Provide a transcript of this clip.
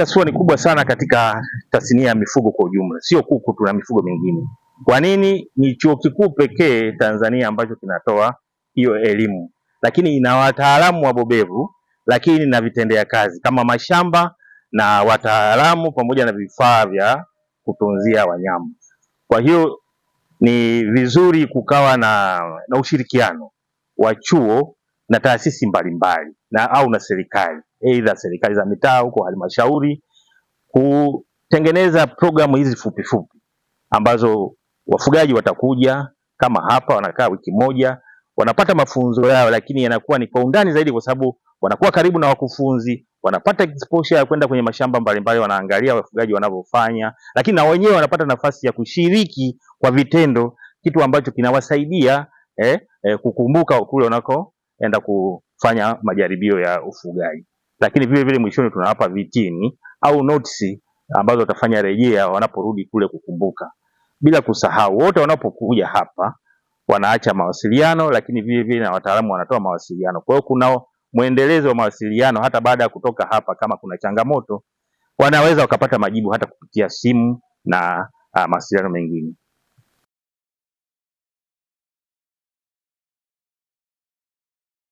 nafasi ya SUA ni kubwa sana katika tasnia ya mifugo kwa ujumla, sio kuku, tuna mifugo mingine. Kwa nini? Ni chuo kikuu pekee Tanzania ambacho kinatoa hiyo elimu, lakini ina wataalamu wabobevu, lakini na vitendea kazi kama mashamba na wataalamu pamoja na vifaa vya kutunzia wanyama. Kwa hiyo ni vizuri kukawa na, na ushirikiano wa chuo na taasisi mbalimbali na au na serikali aidha serikali za mitaa huko halmashauri, kutengeneza programu hizi fupi ambazo wafugaji watakuja kama hapa, wanakaa wiki moja, wanapata mafunzo yao, lakini yanakuwa ni kwa undani zaidi, kwa sababu wanakuwa karibu na wakufunzi, wanapata exposure ya kwenda kwenye mashamba mbalimbali, wanaangalia wafugaji wanavyofanya, lakini na wenyewe wanapata nafasi ya kushiriki kwa vitendo, kitu ambacho kinawasaidia eh, eh, kukumbuka kule wanakoenda kufanya majaribio ya ufugaji lakini vile vile mwishoni tunawapa vitini au notisi ambazo watafanya rejea wanaporudi kule kukumbuka. Bila kusahau wote wanapokuja hapa wanaacha mawasiliano, lakini vile vile na wataalamu wanatoa mawasiliano. Kwa hiyo kuna mwendelezo wa mawasiliano hata baada ya kutoka hapa. Kama kuna changamoto, wanaweza wakapata majibu hata kupitia simu na ah, mawasiliano mengine.